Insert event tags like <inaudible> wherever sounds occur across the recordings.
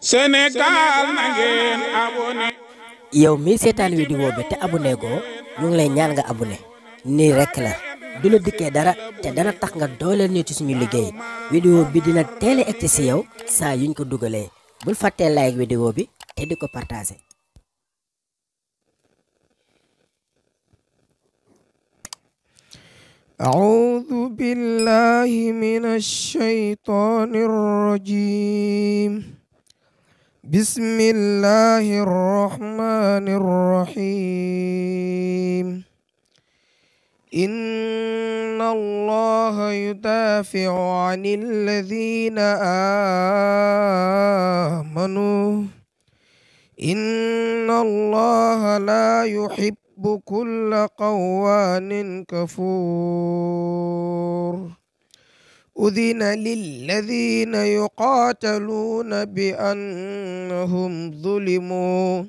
senegal na ngeen abonné yow mi wi di wobe te abone go ñu ngi lay ñaan nga abone ni rek la du la dikke dara te dana tax nga doole ñu ci suñu liggey video bi dina télé a ci yow sa yuñ ko dugalee bu faté like video bi te diko partager أعوذ بالله من الشيطان الرجيم بسم الله الرحمن الرحيم إن الله يدافع عن الذين آمنوا إن الله لا يحب كل قوان كفور أذن للذين يقاتلون بأنهم ظلموا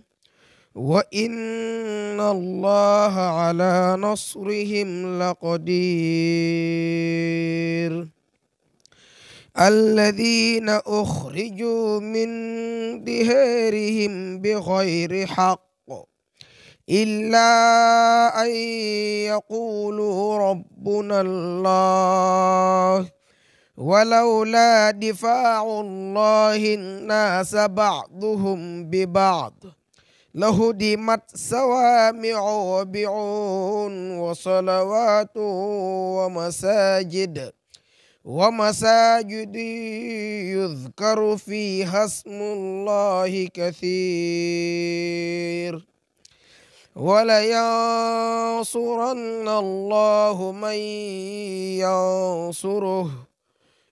وإن الله على نصرهم لقدير الذين أخرجوا من ديارهم بغير حق إلا أن يقولوا ربنا الله ولولا دفاع الله الناس بعضهم ببعض لهدمت سوامع وبيع وصلوات ومساجد ومساجد يذكر فيها اسم الله كثير ولينصرن الله من ينصره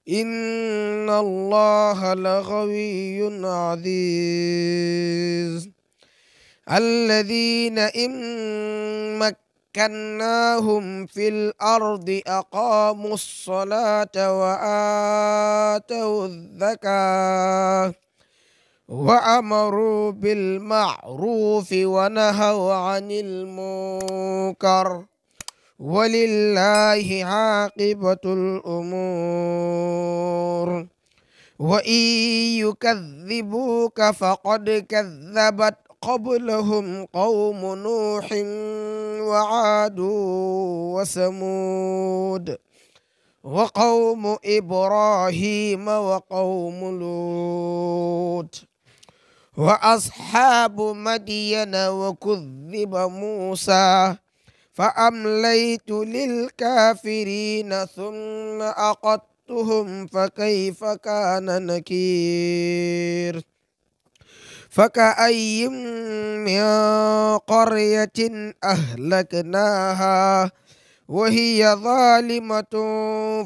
إن الله لغوي عزيز الذين إن مكناهم في الأرض أقاموا الصلاة وآتوا الزكاة وأمروا بالمعروف ونهوا عن المنكر ولله عاقبة الأمور وإن يكذبوك فقد كذبت قبلهم قوم نوح وعاد وثمود وقوم إبراهيم وقوم لوط وأصحاب مدين وكذب موسى فأمليت للكافرين ثم أقدتهم فكيف كان نكير فكأي من قرية أهلكناها وهي ظالمة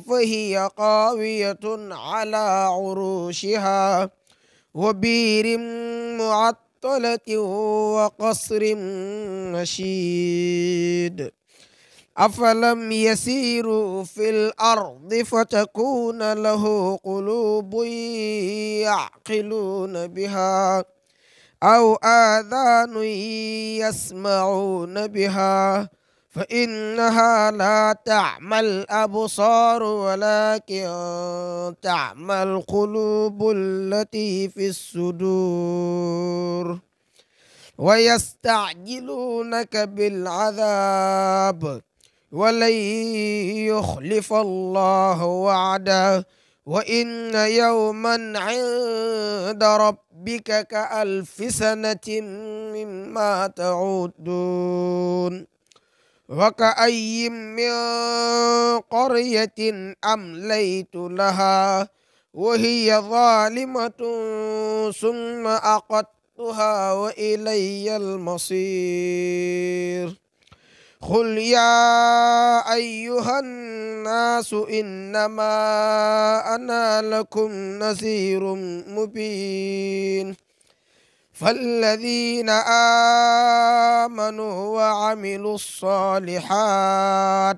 فهي قاوية على عروشها وبير معطل معطلة وقصر مشيد أفلم يسيروا في الأرض فتكون له قلوب يعقلون بها أو آذان يسمعون بها فإنها لا تعمى الأبصار ولكن تعمى القلوب التي في الصدور ويستعجلونك بالعذاب ولن يخلف الله وعده وإن يوما عند ربك كألف سنة مما تعودون وكأي من قرية أمليت لها وهي ظالمة ثم أقدتها وإلي المصير قل يا أيها الناس إنما أنا لكم نذير مبين فالذين آمنوا وعملوا الصالحات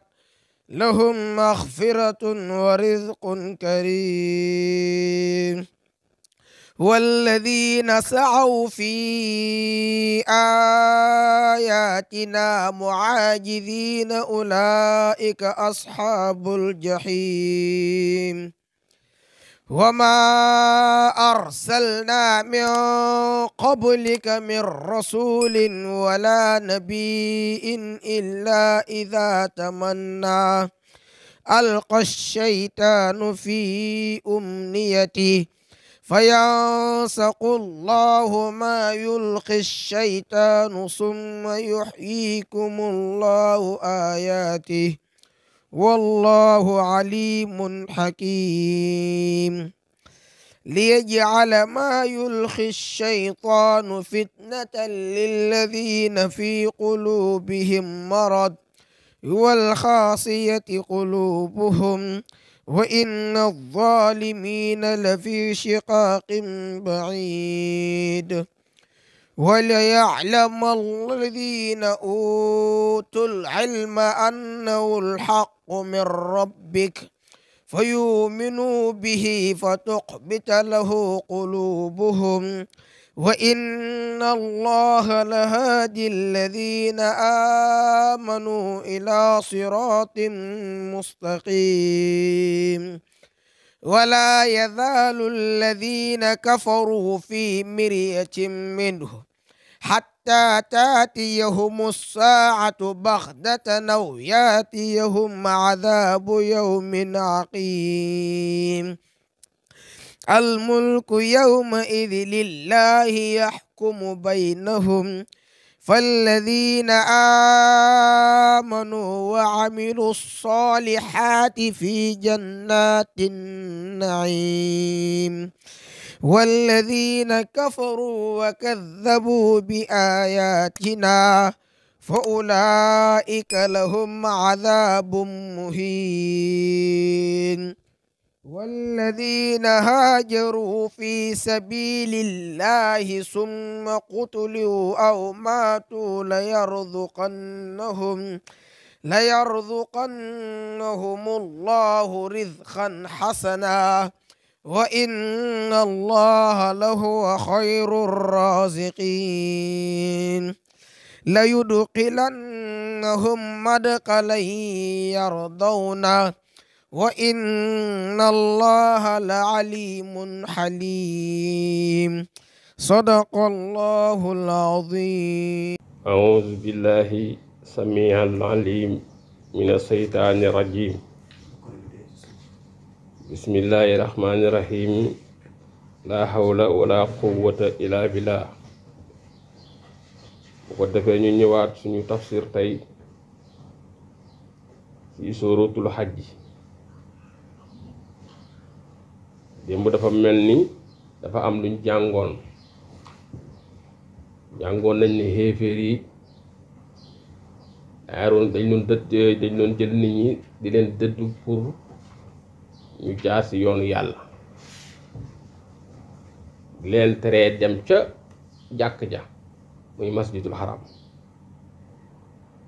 لهم مغفرة ورزق كريم والذين سعوا في آياتنا معاجزين أولئك أصحاب الجحيم وما أرسلنا من قبلك من رسول ولا نبي إلا إذا تمنى ألقى الشيطان في أمنيته فينسق الله ما يلقي الشيطان ثم يحييكم الله آياته والله عليم حكيم ليجعل ما يلخي الشيطان فتنة للذين في قلوبهم مرض والخاصية قلوبهم وإن الظالمين لفي شقاق بعيد وليعلم الذين أوتوا العلم أنه الحق من ربك فيؤمنوا به فتقبت له قلوبهم وإن الله لهادي الذين آمنوا إلى صراط مستقيم ولا يزال الذين كفروا في مرية منه حتى تاتيهم الساعة بغتة أو ياتيهم عذاب يوم عقيم الملك يومئذ لله يحكم بينهم فالذين آمنوا وعملوا الصالحات في جنات النعيم والذين كفروا وكذبوا بآياتنا فأولئك لهم عذاب مهين والذين هاجروا في سبيل الله ثم قتلوا أو ماتوا ليرزقنهم ليرزقنهم الله رزقا حسنا وإن الله لهو خير الرازقين ليدخلنهم مدقلا يرضونه وإن الله لعليم حليم صدق الله العظيم أعوذ بالله سميع العليم من الشيطان الرجيم بسم الله الرحمن الرحيم لا حول ولا قوة إلا بالله bu ko defee تفسير ñëwaat suñu tafsir tey démb dafa mel ni dafa am luñ jàngoon jàngoon nañ ni xéeféer yi aaroon dañ doon dëdd dañ loon jël nit ñi di leen dëdd pour ñu jaar si yoonu yàlla di leen teree dem ca jàkk ja muy masjidul xaram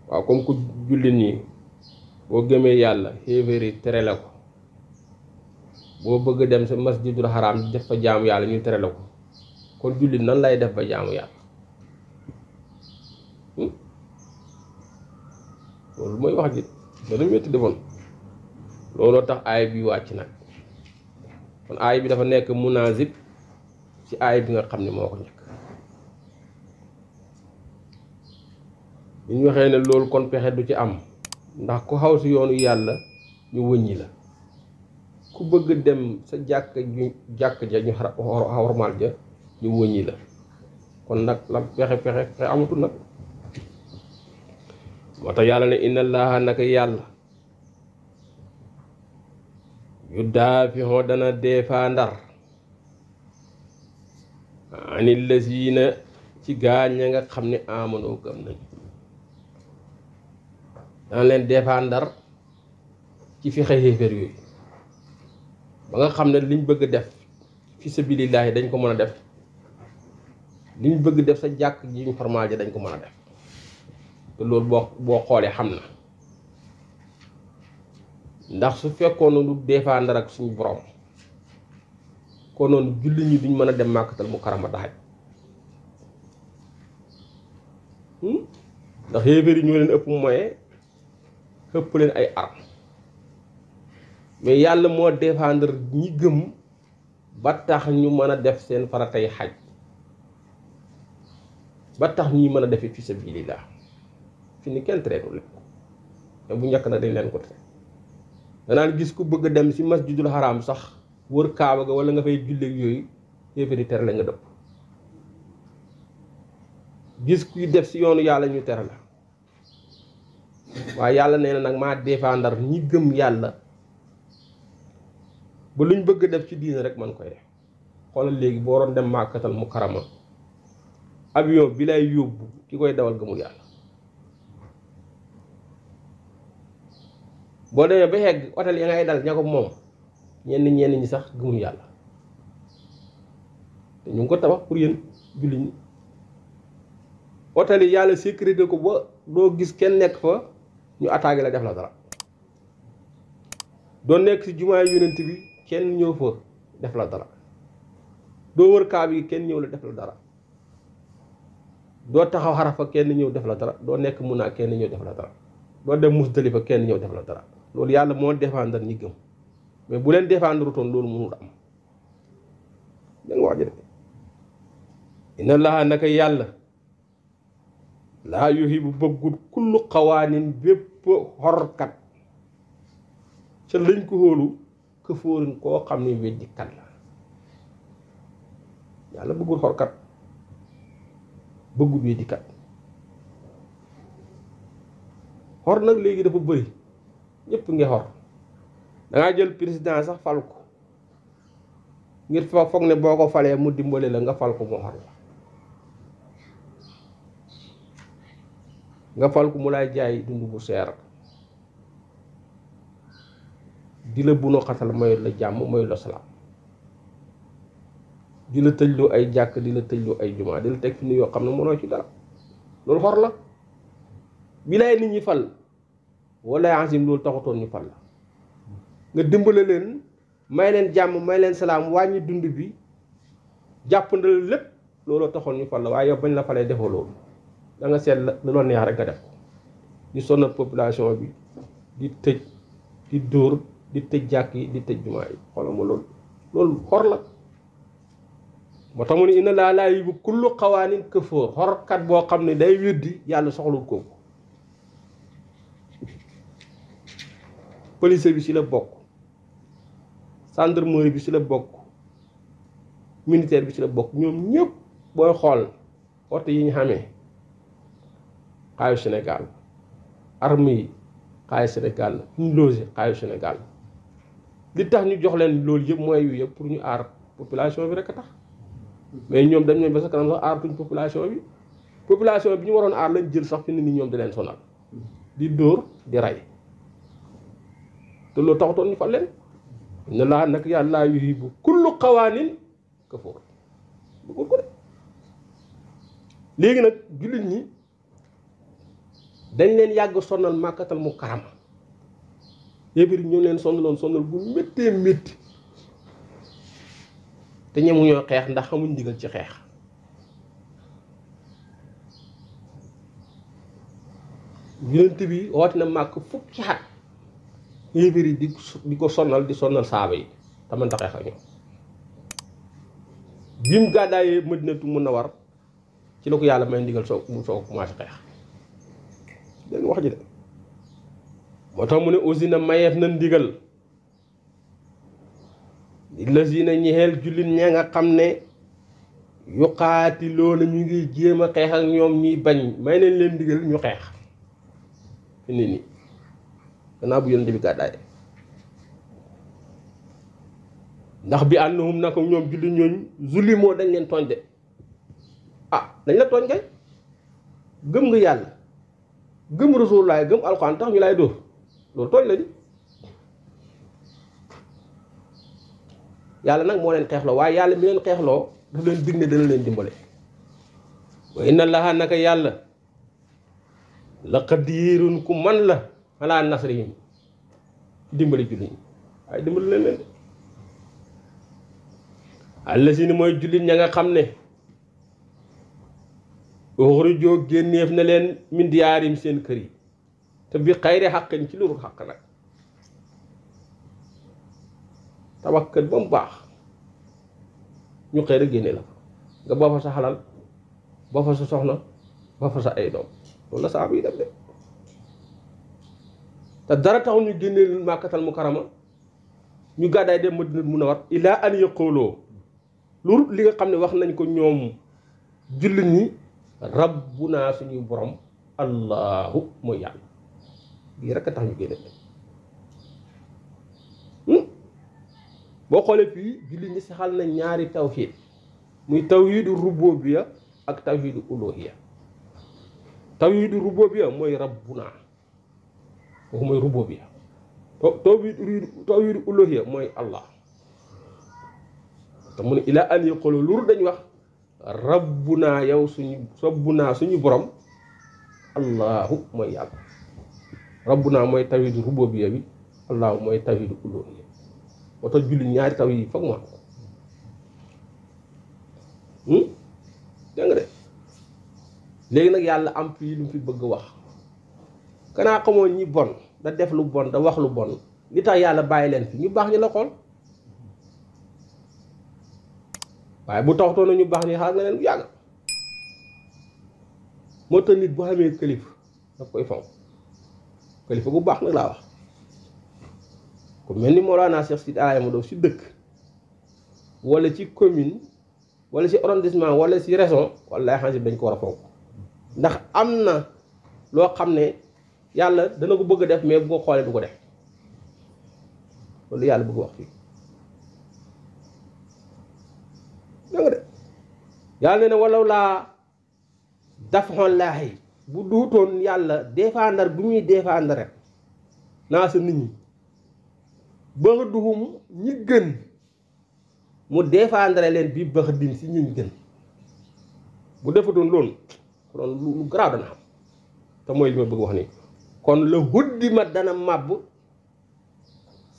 waaw comme ku jullit ñi boo gëmee yàlla xéeféer yi tere la ko boo bëgg a dem sa masjidul haram di def fa jaamu yàlla ñu tere la ko kon jullit nan lay def ba jaamu yàlla hmm? loolu mooy wax ji dana métti defoon looloo tax aay bi wàcc nag kon aay bi dafa nekk munaasib ci aay bi nga xam ne moo ko njëkk ñu waxee ne loolu kon pexe du ci am ndax ku xaw si yoonu yàlla ñu wëññi la ku bëgg dem sa jàkk ju jàkk ja ñu xormaal ja ñu wëññi la kon nag la pexe pexe pexe amatul nag moo tax yàlla ne inna allaha naka yàlla yu daafixoo dana deefaa ndar anil lasiina ci gaañ a nga xam ne amanoo gëm nañ dana leen deefaa ndar ci fexe xéeféer yooyu ba nga xam ne liñ bëgg def fi sabilillahi dañ ko mën a def liñ bëgg def sa jàkk ji ñu formal dañ ko mën a def te loolu boo boo xoolee xam na ndax su fekkoon lu défendre ak suñu borom konoon julli ñi duñ mën a dem màkkatal mu karama taxaj hmm? ndax yéeféer yi ñoo leen ay armes mais yàlla moo défendre ñi gëm ba tax ñu mën a def seen faratay xaj ba tax ñuy mën a defee fi sabilillah fi ni kenn traité leen ko te bu njëkk nag dañ leen ko traité danaan gis ku bëgg dem si masjidul haram sax wër kaaba ga wala nga fay julleeg yooyu yéefari ter la nga dëpp gis kuy def si yoonu yàlla ñuy ter la waaye yàlla nee na nag maa défendre ñi gëm yàlla ba ñu bëgg def ci diine rek man koy xoolal léegi boo waroon dem màkkatal mu karama avion bi lay yóbbu ki koy dawal gëmul yàlla boo demee ba xegg hôtel ya ngay dal ña ko moom ñenn ñenn ñi sax gëmul yàlla te ñu ngi ko tabax pour yéen julli ñi hôtel yi yàlla sécurité ko ba doo gis kenn nekk fa ñu attaqué la def la dara doo nekk ci jumaa yonent bi kenn ñëw fa def la dara doo wër kaab yi kenn ñëw la def la dara doo taxaw xarafa kenn ñëw def la dara doo nekk mun naa kenn ñëw def la dara doo dem musdalifa kenn ñëw def la dara loolu yàlla moo défendre ñi gëm mais bu leen défendre toon loolu mënul am danga laa naka yàlla laa bu bëggut kullu xawaanin bépp xorkat ca lañ ko xóolu këfóorin koo xam ne weddikat la yàlla bëggul xorkat bëggul weddikat xor nag léegi dafa bëri ñëpp ngi xor dangaa jël président sax fal ko ngir foog foog ne boo ko falee mu dimbale la nga fal ko mu xor la nga fal ko mu lay jaay dund bu seer di la bunoo xatal mayu la jàmm mayu la salaam di la tëjloo ay jàkk di la tëjloo ay jumaa di la teg fi nu yoo xam ne mënoo ci dara loolu xor la bi lay nit ñi fal wala azim loolu taxutoon ñu fal la nga dimbale leen may leen jàmm may leen salaam wàññi dund bi jàppandal lépp looloo taxoon ñu fal la waaye yow bañ la falee defoo loolu da nga seet la la neex rek nga def ko di sonal population bi di tëj di dóor di tëj jàkk yi di tëj jumaa yi xoolal loolu loolu xor la moo tax mu ne laa laa yi bu kullu xawaanin këfa xorkat boo xam ne day weddi yàlla soxlul kooku police bi ci la bokk gendarmerie bi ci la bokk militaire bi ci la bokk ñoom ñëpp booy xool oto yi ñu xamee xaayu Sénégal armée yi xaayu xaayu Sénégal li tax ñu jox leen loolu yëpp mooy yu yëpp pour ñu aar population bi rekk a tax mais ñoom dañ ne ba sa kanam sax population bi population bi ñu waroon aar jël sax fi nit ñi ñoom di leen sonal di dóor di rey te loolu taxutoon ñu fal leen na laa nag yàlla laa yuhibbu kullu xawaanin kafoor léegi nag jullit ñi dañ leen yàgg sonal màkkatal mu karama yéefir ñu leen sonnaloon sonnal bu méttee métti te ñamu ñoo xeex ndax xamuñ ndigal ci xeex yonent bi woote na màkk fukki at yéefir yi di di ko sonal di sonal saaba yi te mënta xeex ak ñoom bi mu gàddaayee madinatu mun na ci la ko yàlla may ndigal soo mu soo commencé xeex dégg wax ji de moo tax mu ne aussi na mayeef na ndigal na ñexeel jullit ña nga xam ne yuqaati loolu ñu ngi jéem a xeex ak ñoom ñuy bañ may nañ leen ndigal ñu xeex fi nit ñi gannaaw bu yonente bi gàddaay ndax bi ñoom jullit ñooñ zulimoo dañ leen tooñ de ah dañ la tooñ kay gëm nga yàlla gëm laay gëm alxuraan tax ñu lay dóor loolu tooñ la di yàlla nag moo leen xeexloo waaye yàlla bi leen xeexloo daf leen dig ne dana leen dimbale wa inna laha naka yàlla la qadirun ku man la alaa nasrihim dimbale jullit waaye dimbale leen leen de allazina mooy jullit ña nga xam ne uxrijoo génneef na leen min seen kër yi te bi xayri xàqin ci mu baax ñu xëy rek génne la nga boo fa sa xalal boo fa sa soxna boo fa dara taxul ñu génne leen màkkatal mu karama ñu gàddaay dem madina mun a war ilaa an yaqooloo lu li nga xam ne wax nañ ko ñoom jullit ñi rabbunaa suñuy borom allahu mooy yàlla lii rek a tax ñu génne boo xoolee fii julli ñi saxal na ñaari tawxiid muy tawxiidu rububiya ak tawxiidu uluhiya tawxiidu rububiya mooy rabbuna kooku mooy rububiya tawxiidu uluhiya mooy allah te mu ne ila an yaqulu lur dañ wax rabbuna yow suñu rabbuna suñu borom allahu mooy yàlla rabbuna mooy tawhidu rububiyya bi allah mooy tawhidu uluhiyya moo tax julli ñaari taw yi foog mu am ko hmm? de léegi nag yàlla am fii lu mu fi bëgg wax kanaa xamoon ñi bon da def lu bon da wax lu bon li tax yàlla bàyyi leen fi ñu baax ñi la xool waaye bu taxtoo na ñu baax ñi xaar nga leen bu yàgg moo tax nit bu xamee këlif daf koy fonk kalifa bu baax nag laa wax ku mel ni Mawlana Cheikh Sidi Alaye Madou si dëkk wala ci commune wala ci arrondissement wala ci région wala xam si dañ ko war a fonk ndax am na loo xam ne yàlla dana ko bëgg def mais bu ko xoolee du ko def loolu yàlla bëgg wax fii da nga de yàlla ne ne walaw laa dafaxoon laaxi bu duutoon yàlla défendre bu muy défendre naa sa nit ñi bëx duxum ñi gën mu défendre leen bi bëx din si ñi gën bu defatoon loolu lu garaaw dana am te mooy li ma bëgg wax nii kon la huddi ma dana màbb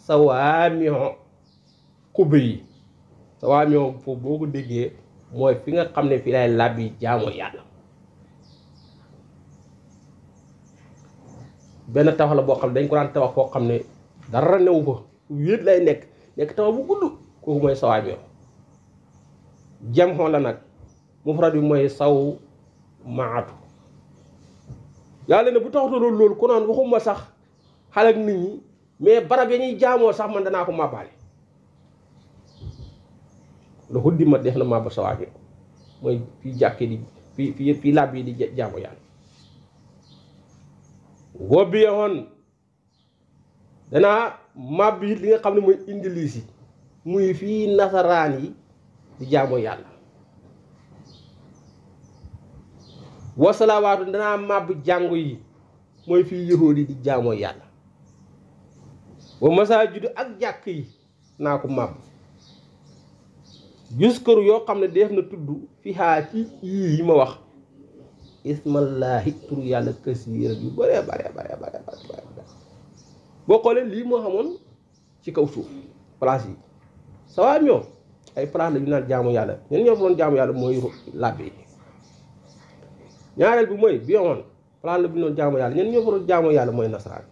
sawaamiho xubbe yi sawaamiho foofu boo ko déggee mooy fi nga xam ne fi lay làbbi jaamu yàlla benn tabax la boo xam ne dañ ko daan tabax foo xam ne dara newu ko wéet lay nekk nekk tabax bu gudd kooku mooy sawaab yow jam xoon la nag mufrad bi mooy saw maatu yàlla ne bu taxatu loolu loolu ku naan waxuma sax xale ak nit ñi mais barab ya ñuy jaamoo sax man danaa ko màbbaale lu xuddi ma def na màbb sawaab yow mooy fii jàkkee yi fii fii fii làbb yi di jaamu yàlla wobbiya hon danaa màbb it li nga xam ne mooy indilis yi muy fii nasaraan yi di jaamu yàlla wasalawaatu danaa màbb jàngu yi mooy fii yahood yi di jaamoo yàlla wa masaajidu ak jàkk yi naa ko màbb jus këru yoo xam ne def na tudd fi ci yii yi ma wax ismallaahi tur yàlla kasiir yu bare bare bare bare bare boo xoolee lii moo xamoon ci kaw suuf place yi sawaam ñoom ay place la ñu naan jaamu yàlla ñen ñoo fa doon jaamu yàlla mooy làbbe yi ñaareel bi mooy bi yoon place la bu ñu doon ñen ñoo fa yàlla mooy nasaraan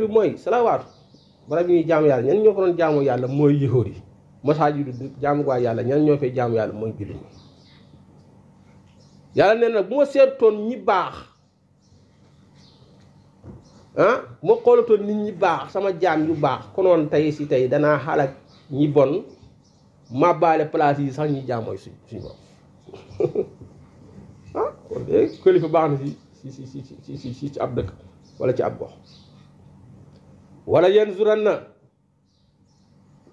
bi mooy salawaatu barab yi ñuy jaamu yàlla ñen ñoo fa doon jaamu yàlla mooy yëhóor yi masaajid jaamu gaa yàlla ñan ñoo fay jaamu yàlla mooy jullit ñi yàlla nee nag bu ma seetoon ñi baax ah bu ma xoolatoon nit ñi baax sama jaam yu baax konoon tey si tey danaa xalak ñi bon ma baale place yi sax ñi jaam mooy suñ suñ borom <laughs> ah kon kilifa baax na si si si si si ci ab dëkk wala ci ab gox wala yenn zuran na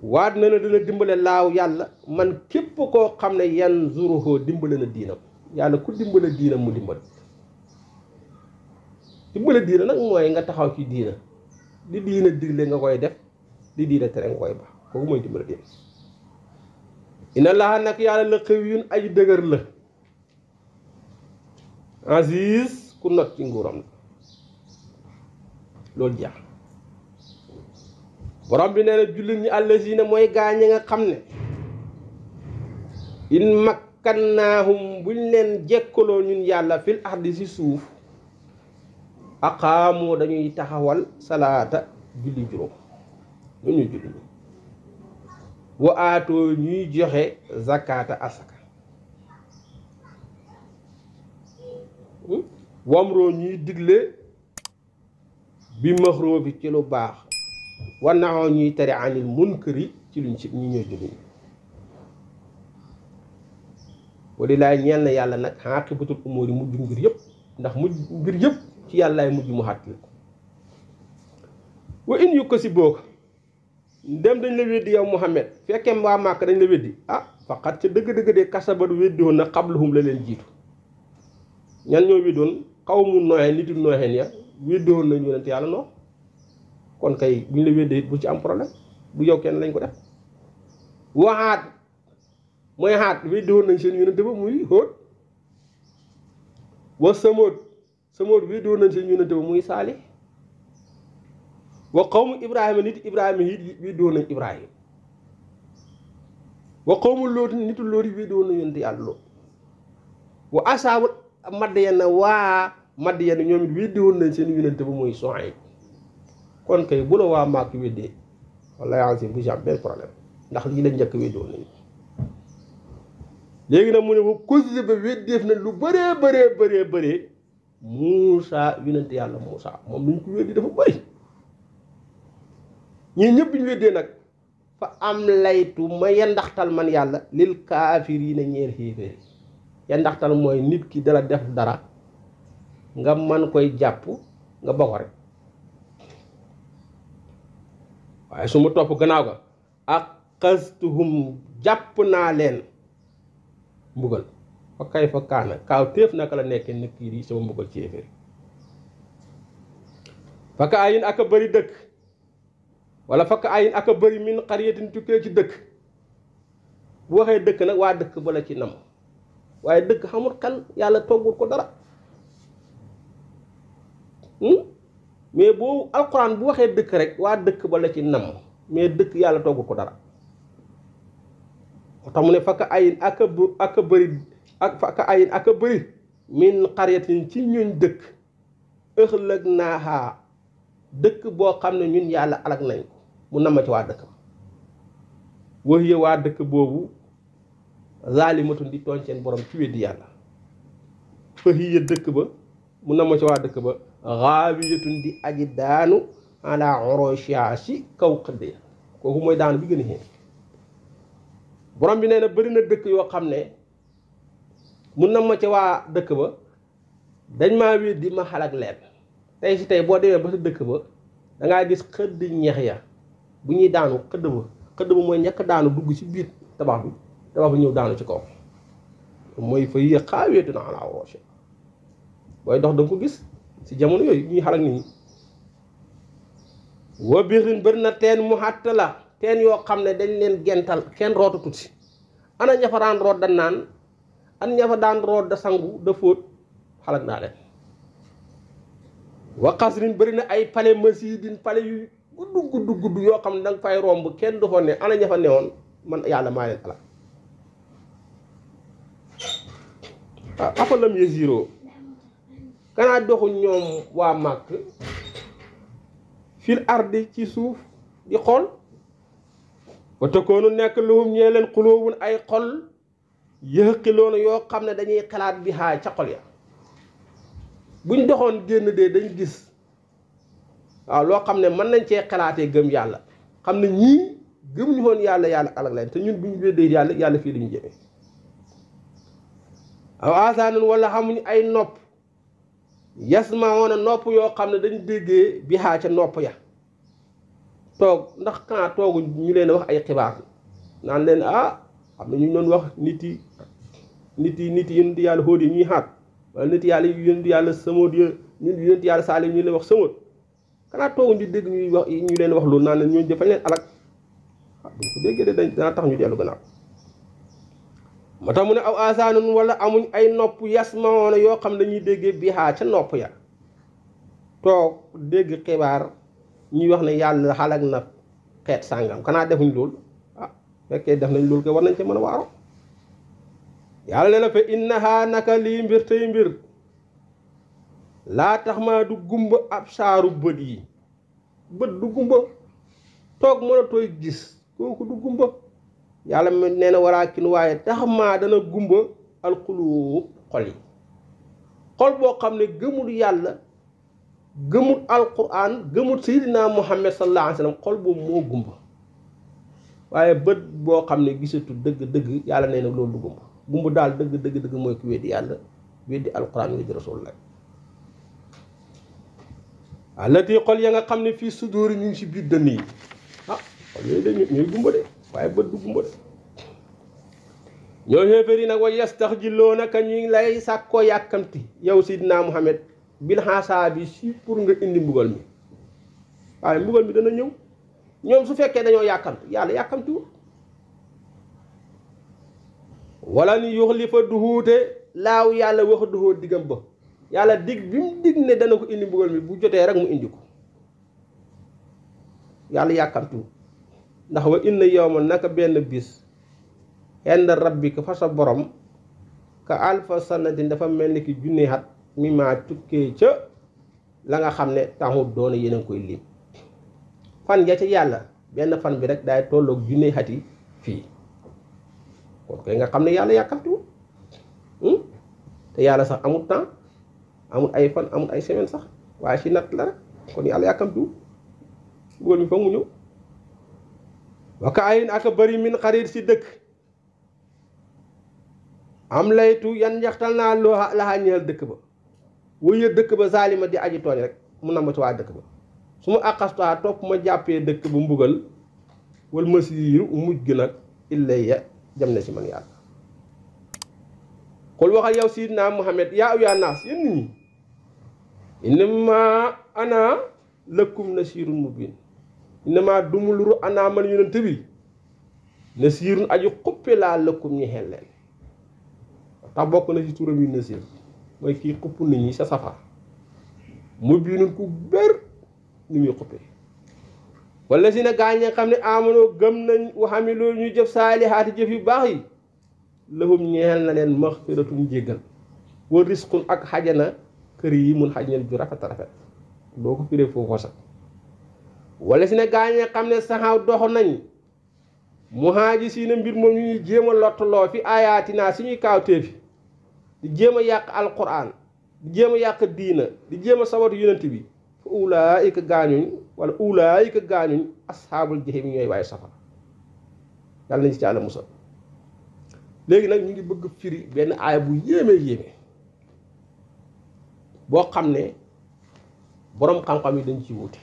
waat na ne dina dimbale laaw yàlla man képp koo xam ne yan zuruhoo dimbale na diina yàlla ku dimbale diina mu dimbal dimbale diina nag mooy nga taxaw ci diina li diina digle nga koy def di diina tere nga koy ba kooku mooy dimbale diina ina laa nag yàlla la xëw yun aji dëgër la Aziz ku not ci nguuram la loolu jeex borom bi nee jullit ñi àllasi na mooy gaañe nga xam ne in mag makkannaahum buñ leen jekkaloo ñun yàlla fil ardi ci suuf aqaamoo dañuy taxawal salaata julli juróom lu ñuy julli ñuy joxe zakaata asaka hmm? wamroo ñuy digle bi maxroo bi ci lu baax wannaxoo ñuy tere anil munkari ci luñ ci ñu ñoo julli wala laay ñeel na yàlla nag xaaqibatul umóori mujj mbir yëpp ndax mujj mbir yëpp ci yàllaay mujj mu xàttil ko wa in yu ko si boog dem dañ la dañ la weddi ah faqat ca dëgg-dëgg de kasabat weddiwoon na xablahum la leen jiitu ñan ñoo weddoon xaw mu nooxee nitu nooxeen ya weddiwoon nañu yonent yàlla noo kon kay buñ la weddee bu ci am problème bu yow kenn lañ ko def waxaat mooy xaat weddi woon nañ seen yonente ba muy xóot wa samood samood weddi woon nañ seen yonente ba muy saali wa qawmu ibrahima nit ibrahima yi weddi woon nañ ibrahima wa qawmu looti nitu looti weddi woon nañ yonente yàlla loo wa asaabu madyan waa madyan ñoom it weddi woon nañ seen yonente ba muy Shuayb kon kay bu la waa màkk weddee wallaahi bu jàmm benn problème ndax lii la njëkk weddi woon nañ léegi nag mu ne ko kusi ba weddeef na lu bëree bëree bëree bëree Muusa yonent yàlla Muusa moom lu ñu ko weddi dafa bëri ñii ñëpp ñu weddee nag fa am laytu ma yandaxtal man yàlla lil kaafir yi na ñeel xéeféer yandaxtal mooy nit ki dala def dara nga man koy jàpp nga bako waaye su topp gannaaw ga ak xastuhum jàpp naa leen mbugal fa kay kaaw téef naka la nekkee nekk kii di sama mbugal ci yéeféer fakka ayin ak a bëri dëkk wala fakka ayin ak a bëri min xariyatin tukkee ci dëkk bu waxee dëkk nag waa dëkk ba la ci nam waaye dëkk xamul kan yàlla toggul ko dara hmm? mais boo alxuraan bu waxee dëkk rek waa dëkk ba la ci nam mais dëkk yàlla toggul ko dara tax ne fakk ayin ak a ak bëri ak fakk ayin ak bëri min xaryatin ci ñun dëkk ëxlëg naaxaa dëkk boo xam ne ñun yàlla alag nañ ko mu nama ci waa dëkkam wax ya waa dëkk boobu zaalimatun di tooñ seen borom ci weddi yàlla fëhi dëkk ba mu nama ci waa dëkk ba xaawiyatun di aji daanu ala orosha si kaw xëdd ya kooku mooy daanu bi gën a xéen borom bi nee na bëri na dëkk yoo xam ne mun na ma ca waa dëkk ba dañ maa wéet di ma xalaat leen tey si tey boo demee ba sa dëkk ba da gis xëdd ñeex ya bu ñuy daanu xëdd ba xëdd ba mooy ñàkk daanu dugg ci biir tabax bi tabax bi ñëw daanu ci kaw mooy fa yéex xaaweetu naa laa wooche booy dox da ko gis si jamono yooyu ñuy xalak nit ñi. wa birin bëri na teen mu xàtt la teen yoo xam ne dañ leen gental kenn rootu tuuti ana ña fa daan root da naan an ña daan root da sangu da fóot xalak naa leen waxas rin bëri na ay pale masidin pale yu gudd gudd gudd yoo xam ne da nga fay romb kenn du fa ne ana ña fa man yàlla maa leen alak waaw ah, afalam yasiiroo kanaa doxu ñoom waa màkk fil ardi ci suuf di xool wa takkoonu nekk lahum ñee leen xulóobun ay xol yëqiloona yoo xam ne dañuy xalaat bi ca xol ya buñ doxoon génn dee dañ gis waaw loo xam ne mën nañ cee xalaatee gëm yàlla xam ne ñii gëmuñu woon yàlla yàlla alag leen te ñun bu ñu weddee yàlla yàlla fii dañu jëmee aw aasaanin wala xamuñu ay nopp yasmaoona nopp yoo xam ne dañ déggee bi ca nopp ya toog ndax xanaa tooguñ ñu leen wax ay xibaar naan leen ah am na ñu doon wax nit yi nit yi nit yi yonent yàlla Hóod yi ñuy xaat wala nit yàlla yonent yàlla Samood yi yonent yàlla Saalim ñu leen wax Samood xanaa tooguñ di dégg ñuy leen wax loolu naan leen ñooñu dafañ leen alak waaw ah buñ déggee de tax ñu dellu gannaaw moo tax mu ne aw asaanun wala amuñ ay nopp yasmawoona yoo xam ne dañuy déggee biixaa ca nopp ya toog dégg xibaar ñuy wax ne yàlla xalak na xeet sàngam xanaa defuñ loolu ah fekkee def nañ loolu ke war nañ ci mën a waaro yàlla ne la fa innaha naka lii mbir tey mbir laa tax maa du gumba ab saaru bët yi bët du gumba toog mëna a tooy gis kooku du gumba yàlla mi nee na walaakin waaye tax maa dana gumba alxuluub xol yi xol boo xam ne gëmul yàlla gëmut alquran gëmut sayyidina muhammad sallallahu alayhi wasallam xol boobu moo gumba waaye bët boo xam ne gisatu dëgg dëgg yàlla nee na loolu du gumba gumba daal dëgg dëgg dëgg mooy ku weddi yàlla weddi alquran weddi rasulullah allati xol ya nga xam ne fii sudoori ñu si biir ah xol yooyu de ñooy gumba de waaye bët du gumba de ñoo xéefér yi nag wa yastax ji loo naka ñu ngi lay sàkkoo yàkkamti yow sayyidina muhammad bil xaasaa bi si pour nga indi mbugal mi waaye mbugal mi dana ñëw ñoom su fekkee dañoo yàkkamtu yàlla yàkkamtuwul wala ni yuxlifa duhuute laaw yàlla wax duhoo diggam ba yàlla dig bi mu dig ne dana ko indi mbugal mi bu jotee rek mu indi ko yàlla yàkkamtuwul ndax wa inna yowma naka benn bis end rabbika fa sa borom ka alfa sanatin dafa mel ni ki junni at mi maa tukkee ca la nga xam ne taxut doona yéen koy lim fan ya ca yàlla benn fan bi rek daay tolloog junne xati fii kon nga xam ne yàlla yàkkamtiwu hmm? te yàlla sax amul temps amul ay fan amul ay semaine sax waaye si natt la rek kon yàlla yàkkamtiwu bëggoon mi fa mu ñëw waka ayin aka bëri min xarit si dëkk am laytu yan njaxtal naa loo laxaa ñeel dëkk ba wëya dëkk ba zaalima di aji tooñ rek mu namm ci waa dëkk ba su ma aqastaa topp ma jàppee dëkk bu mbugal wal masiiru mujj gi nag illaya jëm na si man yàlla xul waxal yow sidna Muhammad yaa ayyuhan naas yéen nit ñi innama ana lakum nasiirun mubin innama dumuluru ana man yonent bi nasiirun aju xuppe laa lakum ñi leen tax bokk na ci turam yi nasiir mooy kii xupp nit ñi sa safa mu biinul ku bér ni muy xuppee wala si na gaañ xam ne gëm nañ wa hamilu ñu jëf salihat jëf yu bax yi lahum ñeel na leen maxfiratum jéggal wa risqun ak hajana kër yi mun xajnel ju rafet rafet doo firé fo foo ko sax wala si na gaañ xam ne saxaaw dox nañ muhaaji na mbir moom ñu jema lotlo fi ayatina naa kawte fi di jéem a yàq alquran di jéem a yàq diina di jéem a sabatu yonent bi fa ulaayika gaañuñ wala ulaayika gaañuñ asxaabul jahim ñooy waaye safara yàlla nañ ci àlla musal léegi nag ñu ngi bëgg firi benn aaya bu yéeme yéeme boo xam ne boroom xam-xam yi dañ ci wuute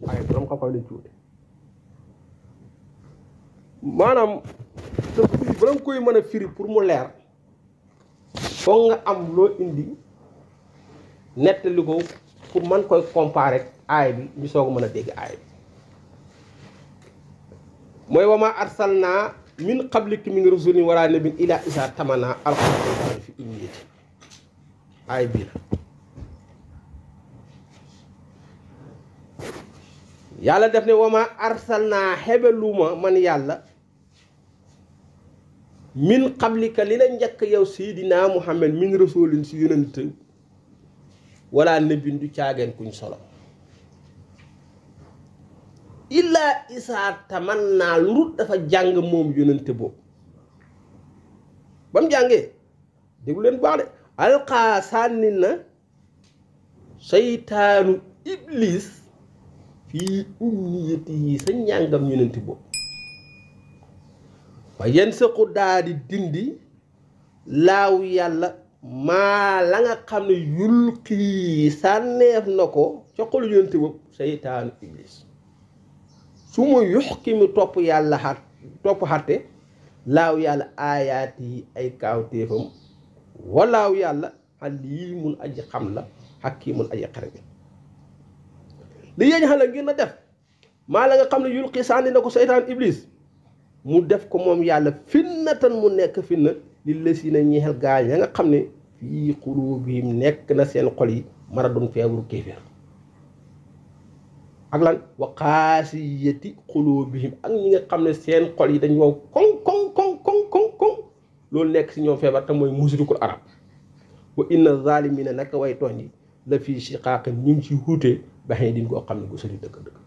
waaye dañ maanaam te koy mën a firi pour mu leer foog nga am loo indi nettali pour mën koy comparer aay bi ñu soo a mën a dégg aay bi mooy wama arsalna min qablika min rusulin wala nabiyyin illa isa tamana alqaa fi umniyati aay bii la yàlla def ne wama arsalna xebeluma man yàlla min qablika li la njëkk yow Seydina Muhammad min rasulin si yonent wala nabin du caageen kuñ solo illaa isaa tamanna lu dafa jàng moom yonent boobu ba mu jàngee déglu leen baax de alqaa na seytaanu iblis fii ummiyati yi sa njàngam yonent boobu waaye yan sëqu daa di dindi laaw yàlla maa la nga xam ne yulqii sànneef na ko ca xolu yonte bopp seytaanu iblis su ma yuxkimu topp yàlla xar topp xarte laaw yàlla aayaat yi ay kaawtéefam walaaw yàlla alimun aji xam la xakimun aji xare bi li yéen xale ngir na def maa la nga xam ne yulqi sànni na ko seytaanu iblis mu def ko mom yàlla finatan mu nek finna li lesina yi na ñeexel ya nga xamne fi fii nek na seen xol yi maradun febru kefer ak lan wa qasiyati qulubihim ak ñi nga xamne seen xol yi dañ wow kon kon kon kon kon koŋ loolu nekk si ñoom feebar te mooy musrikul arab wa inna zaalimina nak way toñi la fi shiqaaqin ñu ngi ci wuute baxee din koo xam ne gu sori dëgg-dëgg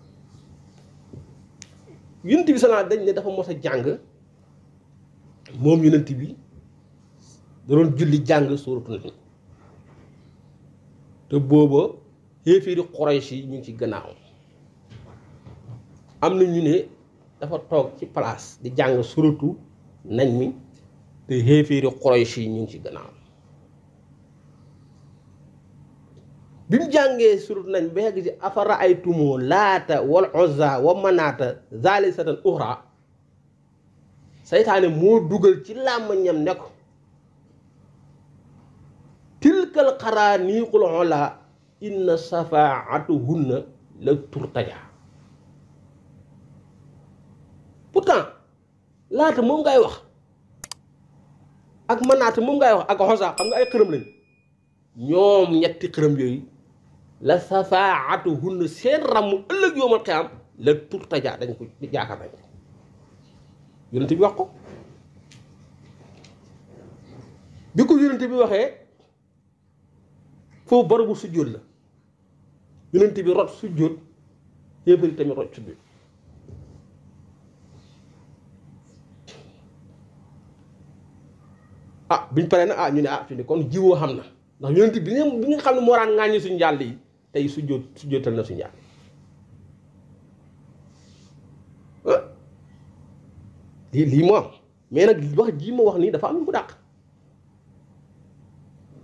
yonent bi salaa dañ ne dafa mos jàng moom yonent bi da doon julli jàng suuratul Hijr te booba xéeféeri Quraysh yi ñu ngi ci gannaaw am na ñu ne dafa toog ci place di jàng suuratu nañ mi te xéeféeri Quraysh yi ñu ngi ci gannaaw bi mu jàngee surut nañ ba yegg ci afara ay tumu laata wal uzza wa manaata zaalisatan uxra saytaane moo dugal ci làmmiñam ne ko tilkal xaraaniiqul ola inna safaatuhunna la turtaja pourtant laata moom ngay wax ak manaata moom ngay wax ak xosa xam nga ay xërëm lañ ñoom ñetti xërëm yooyu la safaatuhunna seen ràmm ëllëg yoomal xiyaam la turtaja dañ ko jaaka nañ yonent bi wax ko bi ko yonent bi waxee foofu barabu sujjóot la yonent bi rot sujjóot yéefari tamit rot sujjóot ah biñ paree na ah ñu ne ah fi ne kon jiwoo xam na ndax yonent bi nga bi ñu xam ne moo daan ŋàññi suñu jàll yi tey su jóot su jóotal na suñu yàlla ah. lii lii moo am mais nag wax jii ma wax nii dafa am lu ko dàq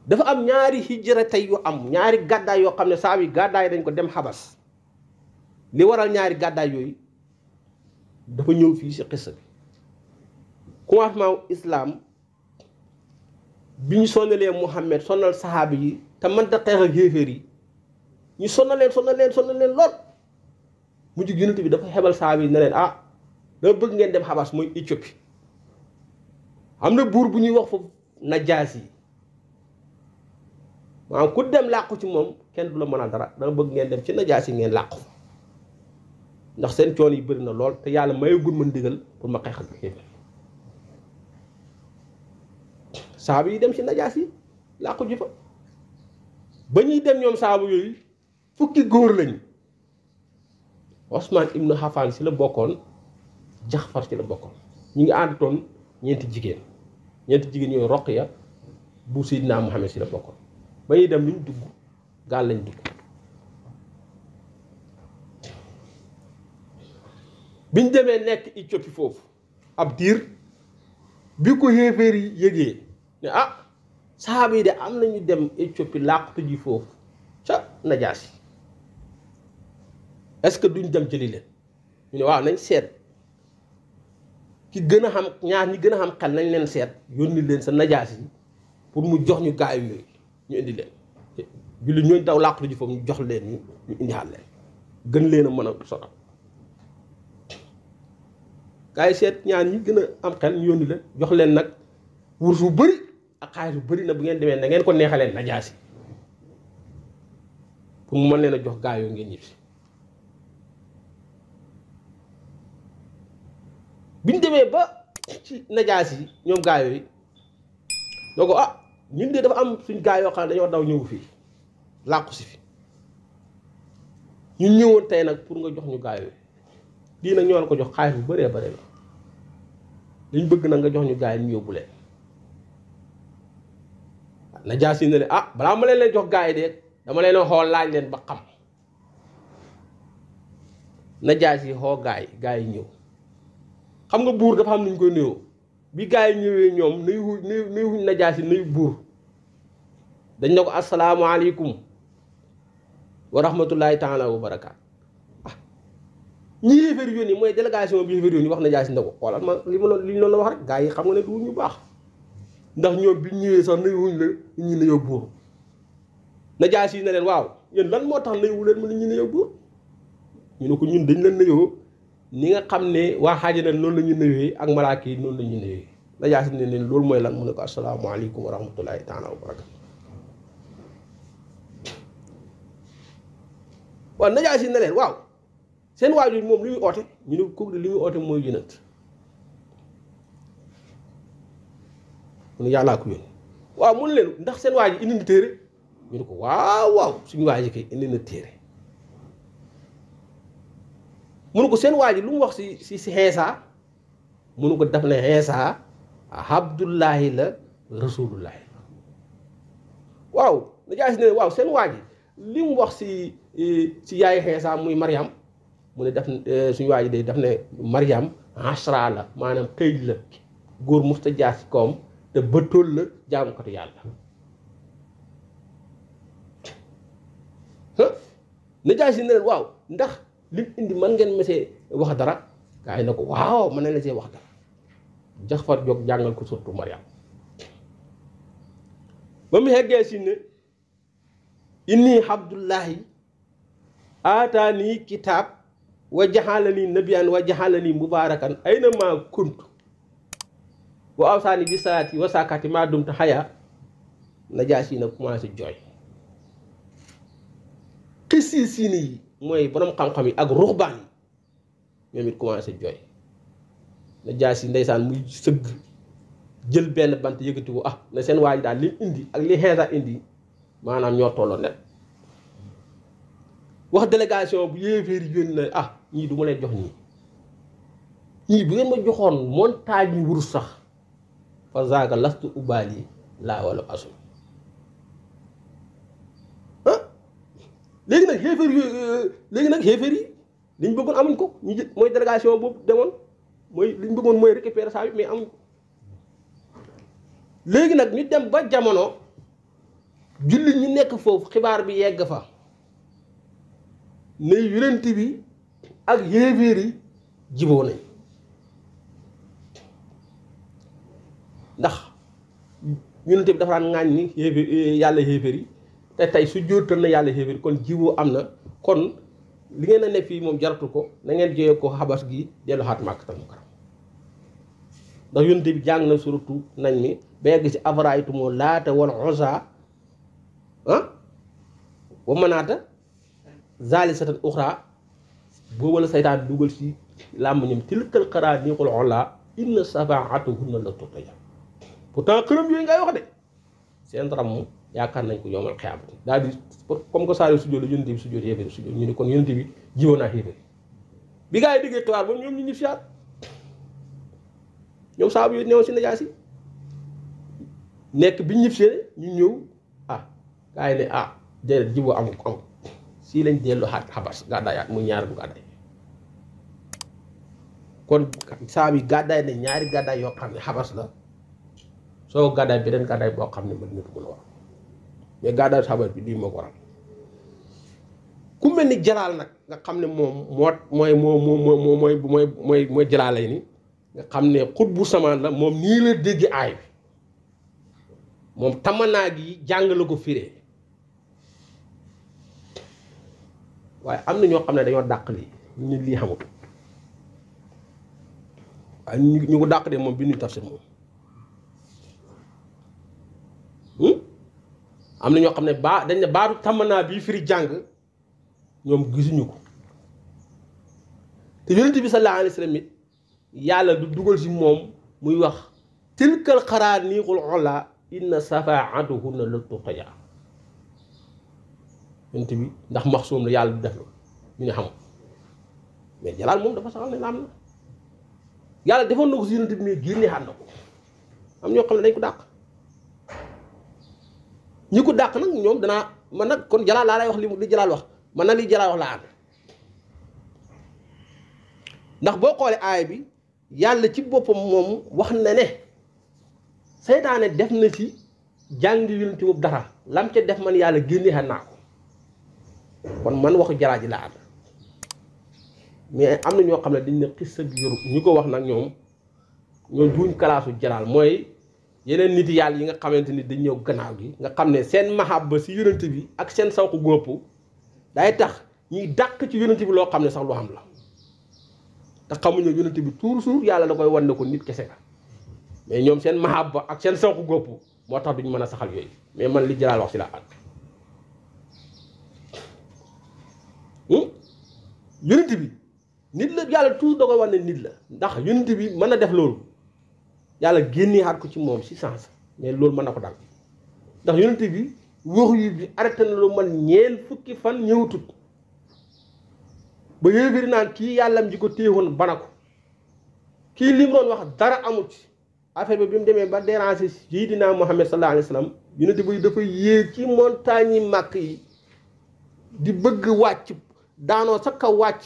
dafa am ñaari hijra tey yu am ñaari gàddaay yoo xam ne saabu wi gàddaay dañ ko dem xabas li waral ñaari gàddaay yooyu dafa ñëw fii si xissa bi commencement islaam bi ñu sonalee Muhammad sonal sahaaba yi te mënta xeex ak yi ñu sonal leen sonal leen sonal leen lool mujj yonent bi dafa xebal saabu yi na leen ah dama bëgg ngeen dem Xabas mooy Éthiopie am na buur bu ñuy wax foofu Najaasi yi maanaam ku dem làqu ci moom kenn du la mën a dara dama bëgg ngeen dem ci Najaasi yi ngeen làqu ndax seen coon yi bëri na lool te yàlla mayagul ma ndigal pour ma xeexal bi saaba yi dem ci Najaasi yi làqu ji fa ba ñuy dem ñoom saaba yooyu fukki góor lañ Ousmane ibnu Hafaan si la bokkoon Jaxfar ci la bokkoon ñu ngi àndatoon ñeenti jigéen ñeenti jigéen yooyu ya bu Seydina Muhammad si la bokkoon ba ñuy dem luñ dugg gaal lañ dugg biñ demee nekk Éthiopie foofu ab diir bi ko xéeféer yëgee ne ah saaba yi de am nañu dem Éthiopie làqutu ji foofu ca Najaasi est-ce que duñ dem jëli leen ñu ne waaw nañ seet ki gën a xam ñaar ñi gën a xam xel nañ leen seet yónni leen sa najaa yi pour mu jox ñu gaay yooyu ñu indi leen julli ñooñu daw làqatu ji foofu ñu jox leen ñu ñu indi xaal leen gën leen a mën a sonal gaa yi seet ñaar ñi gën a am xel ñu yónni leen jox leen nag wurus bu bëri ak xaalis bu bari na bu ngeen demee na ngeen ko neexaleen najaa si pour mu mën leen a jox gaay yooyu ngeen ñibbi bi ñu demee ba ci najaas yi ñoom gaa yooyu doo ko ah ñun de dafa am suñ gaa yoo xam dañoo daw ñëw fii làqu si fi ñu ñëwoon tey nag pour nga jox ñu gaa yooyu lii nag ñoo ko jox xaalis bu bëree bëri la liñ bëgg nag nga jox ñu gaa yi ñu yóbbu leen najaas yi ne ah balaa ma leen leen jox gaa de dama leen xool laaj leen ba xam najaas yi xoo gaay yi gaa yi ñëw. xam nga buur dafa am nuñ koy nuyoo bi gars yi ñëwee ñoom nuyu nuyu nuyuwuñ najaasi nuyu buur dañ ne ko asalaamaaleykum wa rahmatullahi taala wa barakaat ah ñi yéefar yi mooy délégation bi yéefar yónni wax najaasi ne ko xoolal ma li ma loon li ñu loon la wax rek gars yi xam nga ne du ñu baax ndax ñoom bi ñëwee sax nuyuwuñ la ñu nuyoo buur najaasi ne leen waaw yéen lan moo tax nuyuwu leen ma ñu nuyoo buur ñu ne ko ñun dañ leen nuyoo ni nga xam ne waa xaajana loolu la ñu nuyoo ak malaaka noonu la ñu nuyoo najaasin ne leen loolu mooy lan mu ne ko asalaamaaleykum wa rahmatulahi taala wa barakatu waaw najaasin ne moom li muy oote ñu ne kooku de ne yàllaa waaw mun leen ndax seen waajur indi na téere ñu ne ko waaw waaw suñu waaj kay indi na téere munu ko seen waa ji lu mu wax si si si xeesaa munu ko daf ne xeesaa abdullahi la rasulullahi waaw najaay si ne waaw seen waa ji li mu wax si si yaay xeesaa muy mariam mu ne daf e, suñu waa de daf ne mariam asra la maanaam tëj la góor musta jaar si koom te bëtool la jaamukatu yàlla najaay si ne waaw ndax li indi man ngeen mësee wax dara gaa yi na ko waaw mën na la see wax dara Jaxfar jóg jàngal ko surtout Mariam ba mu xeggee si ne inni Abdullahi aataani kitaab wa jaxalani nabiyan wa jaxalani mubaarakan ayna maa kuntu wa awsaani bi salaati wa saakaati maa dumtu xayaa najaasi na commencé jooy xisi siini yi mooy borom xam-xam yi ak ruxbaan yi ñoom it commencé jooy na jaas si ndeysaan muy sëgg jël benn bant yëkkati ko ah na seen waa daal li indi ak li xeesa indi maanaam ñoo tolloo net wax délégation bu yéeféeri yónni na ah ñii du ma leen jox ñii ñii bu ngeen ma joxoon montagne wurus sax fa zaaga lastu ubaali laa wala asul léegi nag xeefar euh, léegi nag xeefar yi li bëggoon amuñ ko ñu jël mooy délégation boobu demoon mooy li bëggoon mooy récupérer saa yi mais amuñ ko léegi nag ñu dem ba jamono jullit ñu nekk foofu xibaar bi yegg fa ne yonent bi ak xeefar yi jiboo nañ ndax yonent bi dafa daan ŋaañ ni yàlla xeefar te tey su jóotal na yàlla xéwér kon jiwoo am na kon li ngeen a ne fii moom jaratu ko na ngeen ko xabas gi dellu xaat màkkatal mukarram ndax yonent bi jàng na surtout laata wal xosa ah wa manaata zaalisatan uxra si làmmiñam tilkal xaraaniixul yooyu ngay wax de seen ramm yaakaar nañ ko yoomal xiyaamati daal di comme que saa yu sujjóot la yonent bi sujjóot yéeféer sujjóot ñu ne kon yonent bi jiwoon naa xéeféer bi gars yi déggee xibaar ñu si najaas ñu ñëw ah gaa yi ne ah déedéet jiboo amul ko amul sii lañ dellu xaat xabas gàddaayaat muy ñaar bu gàddaay kon saa gàddaay ne ñaari gàddaay yoo xam ne xabas la soo gàddaay beneen gàddaay boo xam ne mën nit mun a wax mais gàddaay sabar bi lii moo ko waral ku mel ni jalaal nag nga xam ne moom moo mooy moo moo moo mooy mooy mooy mooy xam ne xut bu samaan la moom nii la dégg aay bi gi jàng la ko fiire waaye am na ñoo xam ne dañoo dàq lii ñu lii xamut waaye ñu ko dàq de moom bi ñuy tafsir moom hmm? amna na ñoo xam ne dañ ne baaru tamana bi firi jàng ñom gisuñu ko te yaronte bi sallallahu alayhi wasallam sallam it yàlla du duggal ci mom muy wax tilkal ni qul ula inna safaatuhunna la tuqya yaronte bi ndax maxsum la yàlla du def ñu xam mais jalal mom dafa saxal ne lam am na yàlla defoon na ko bi mi génne xaat am ñoo xamne dañ ko dakk ñi ko dàq nag ñoom danaa man nag kon jalaal laa lay wax li li jalaal wax man na li jalaal wax laa am ndax boo xoolee aay bi yàlla ci boppam moom wax na ne seytaane def na ci jàng yonent boobu dara lam ca def man yàlla génne xel naa ko kon man waxu jalaal ji laa am mais am na ñoo xam ne dañ ne xis ak yoru ñi ko wax nag ñoom ñoo juuñ kalaasu jalaal mooy yeneen nit yàlla yi nga xamante ni dañ ñëw gannaaw gi nga xam ne seen ba si yonent bi ak seen sawku gópp day tax ñuy dàq ci yonent bi loo xam ne sax lu am la te xamuñu yonent bi toujours yàlla da koy wan ne ko nit kese la mais ñoom seen mahabba ak seen sawku gópp moo tax duñ mën a saxal yooyu mais man li jëlaal si la ànd hmm? yonent bi nit la yàlla toujours da koy wan ne nit la ndax yonent bi mën a def loolu yàlla génnee xaat ko ci moom si sens mais loolu mën na ko dal ndax yonente bi waxu yu bi arrêté na lu man ñeen fukki fan ñëwatut ba yéeféri naan kii yàllam ji ko téewoon bana ko kii li mu wax dara amut ci affaire bi bi mu demee ba déranger Seydina Muhammad sallallahu alayhi wa sallam yonente bi dafa yéeg ci montagne yi màkk yi di bëgg wàcc daanoo sa kaw wàcc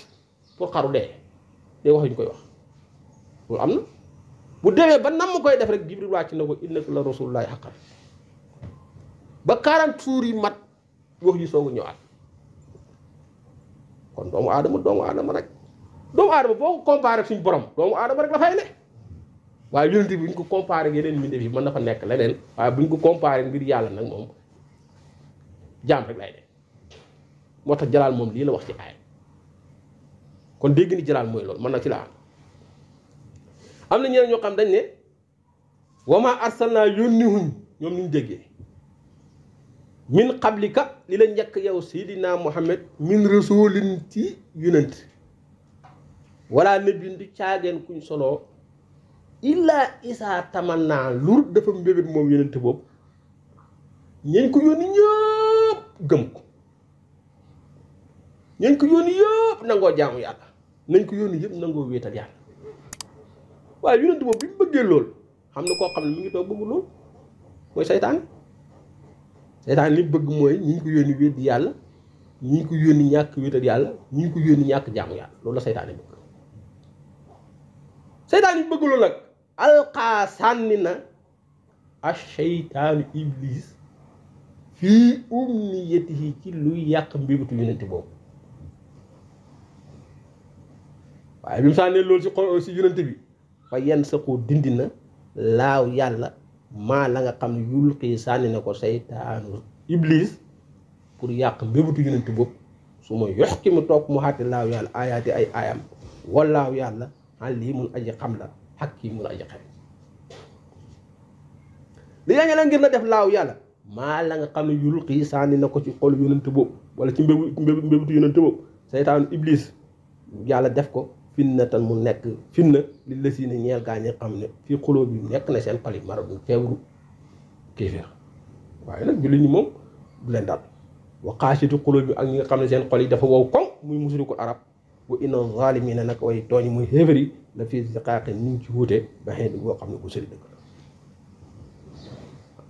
pour xaru dee day wax yu ñu koy wax loolu am na bu demee ba nam mu koy def rek jibril wàcc na ko innaka la rasulullahi xaqan ba 40 jours yi mat wax ji soogu ñëwaat kon doomu aadama doomu aadama rek doomu aadama boo ko comparé suñ borom doomu adama rek dafay ne waaye yonent bu ñu ko comparé ak yeneen mbindeef yi mën na fa nekk leneen waaye bu ñu ko comparé mbir yàlla nag moom jaam rek lay ne moo tax jalaal moom lii la wax ci aay kon dégg ni jalaal mooy loolu mën na ci la am am na ñeneen ñoo xam dañ ne wama arsalna yónniwuñ ñoom ñu déggee min qablika li la njëkk yow sayidina muhammad min rasulin ci yonent wala nabiyun du caageen kuñ soloo illaa isaa tamanna lurut dafa mbébét moom yonent boobu ñeñ ko yónni ñëpp gëm ko ñeñ ko yónni yëpp nangoo jaamu yàlla nañ ko yónni yëpp nangoo wéetal yàlla waaye yonent moom bi mu lool xam na koo xam ne mi ngi toog bëgg lool mooy saytaan saytaan li bëgg moy ñi ko yónni wëd yalla ñi ngi ko yónni ñàkk wéetal yalla ñi ko yónni ñak jaamu yalla loolu la saytaan yi bëgg saytaan yi bëgg lool nak alqa sanina ash-shaytan iblis fi umniyatihi ci lu yàq mbébatu yonent boobu waaye bi mu sànnee loolu si xol si yonent bi fa yan saqu dindi na laaw yàlla maa la nga xam ne yul xii sànni na ko saytaanu iblis pour yàq mbébatu yonent bopp su ma yox ki mu toog mu xaati laaw yàlla ayaati ay aayam laaw yàlla xan lii mun aji xam la xak kii mun aji xam li yaa ngi ngir na def laaw yàlla maa la nga xam ne yul xii sànni na ko ci xol yonent bopp wala ci mbébu mbébatu yonent bopp saytaanu yàlla def ko fitnatan mu nekk fitna li la si ne ñeel gaa ñi xam ne fii xuloo bi nekk na seen xol yi maradun feebaru kéeféer waaye nag jullit ñi moom leen daal wa xaasitu xuloo bi ak xam ne seen xol yi dafa wow koŋ muy musriku arab wa inna zaalimina nag way tooñ muy xéeféer yi ngi ci wuute ba xëy xam ne bu sëri dëkk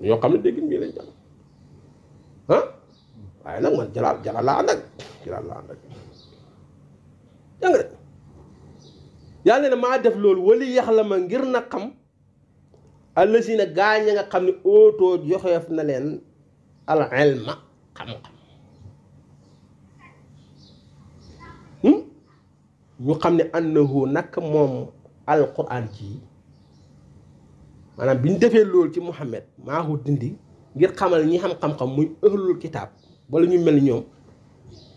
la xam ne dégg mii lañ jàng waaye nag man jalaal jalaal laa ànd yàlla ne maa def loolu wali yax la ma ngir na xam àllasi na gaañ nga xam ne ootoo joxeef na leen al ilma xam-xam hmm? ñu xam ne annahu nag moom alquran ji maanaam bi ñu defee loolu ci Muhammad maahu dindi ngir xamal ñi xam xam-xam muy ëhlul kitaab wala ñu mel ñoom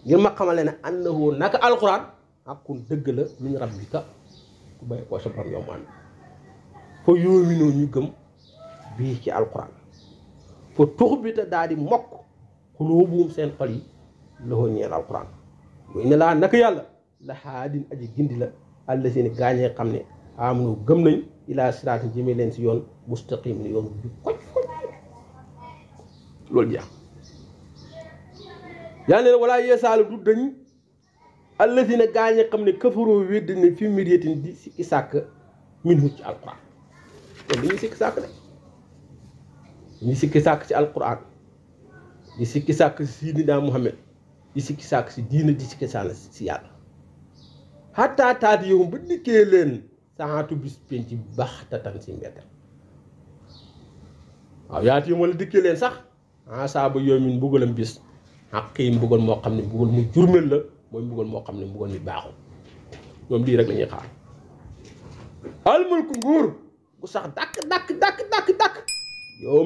ngir ma xamal ne annahu nag alquran ak kun dëgg la min rabbika ku bay koo sa borom gëm bii ci alquran fa tux bi te daal di mokk xulóobuum seen xol yi loxo ñeel alquran luy ne laa naka yàlla la xaadin aji gindi la àlla seeni gaañee xam ne amunoo gëm nañ ilaa siraati jëmee leen ci yoon mustaqim ni yoon ju koj koj loolu jeex yaa ne wala yeesaalu du dañ allazina gaañ xam ne kafaroo wedd ne fi miryatin di sikki sàkk min hu ci alquran sikki sàkk ci alquran di sikki sàkk si sidina Muhammad di sikki sàkk si diina di sikki sànn si yàlla xataa taati yow ba dikkee leen saxaatu bis penc baax tatan si mbedd waaw yaati yow dikkee leen sax ah saa ba yoomin mbugalam bis xaq mbugal moo xam ne mbugal mu jurmel la mooy mbugal moo xam ne mbugal mi baaxul ñoom lii rek la ñuy xaar almulku nguur gu sax dàkk dàkk dàkk dàkk dàkk yow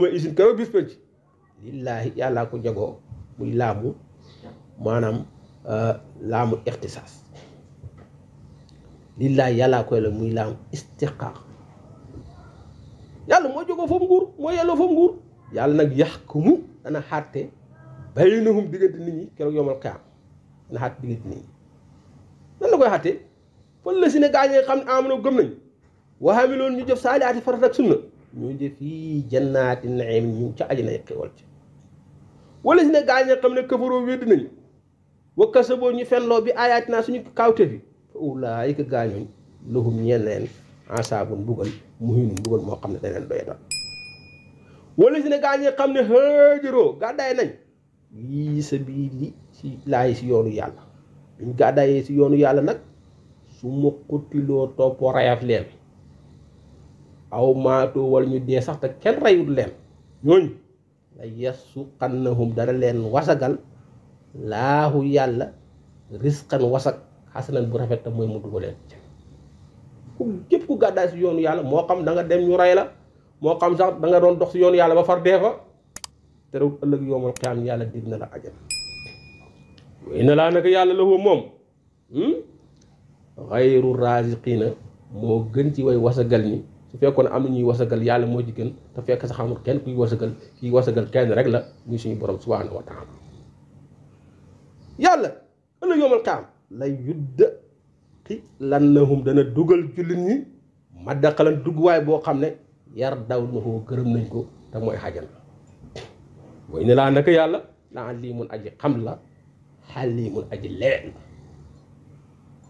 ma yàllaa ko jagoo muy laamu maanaam euh, laamu ixtisaas yàlla moo jagoo foofu nguur moo yelloo foofu nguur yàlla nag yaxkumu dana xàtte baynahum diggante nit ñi keroog yomal qiyaam na xat bi nii nan la koy xattee fan la si ne xam ne amono gëm nañ waxaami loolu ñu jëf saalihaati farat ak sunna ñoo jëf yi jannaati naim ñu ca aji nay xewal ci wala si ne gaa ñi xam ne bi ayaati naa suñu kawte fi fa ulaayika gaañooñ lahum ñeen leen ensaabun mbugal muhinum mbugal moo xam ne dañ leen doyatal wala si ne xam ne xëjëroo gàddaay nañ yii sa bii ci laay si yoonu yàlla biñ gàddaayee si yoonu yàlla nag su ma xutiloo topp rayaf leen aw maatoo wala ñu dee sax te kenn rayut leen ñooñu la yasuqannahum dana leen wasagal laahu yàlla risqan wasak xasanan bu rafet te mooy mu dugaleen ku képp ku gàddaay si yoonu yàlla moo xam da nga dem ñu rey la moo xam sax danga doon dox si yoonu yàlla ba far dee fa te rewut ëllëg yowmal qiyaam yàlla dig na la ajal na laa naka yàlla la moom hmm? xayru raziqina moo gën ci way wasagal ni su fekkoon am na ñuy wasagal yàlla moo jigéen gën te fekk sa xamul kenn kuy wasagal kiy wasagal kenn rek la muy suñu borom subhanahu wa taala yàlla ëllëg yoomal kaam la yudd xi lan nahum dana dugal jullit ñi ma daqalan dugguwaay boo xam ne yar daw na gërëm nañ ko te mooy xajan way ne laa naka yàlla laa lii mun aji xam la حليم الأجلان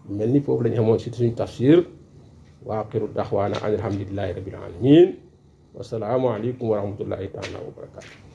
ملني فوق لن يهمون شيء تفسير وآخر الدخوانا عن الحمد لله رب العالمين والسلام عليكم ورحمة الله تعالى وبركاته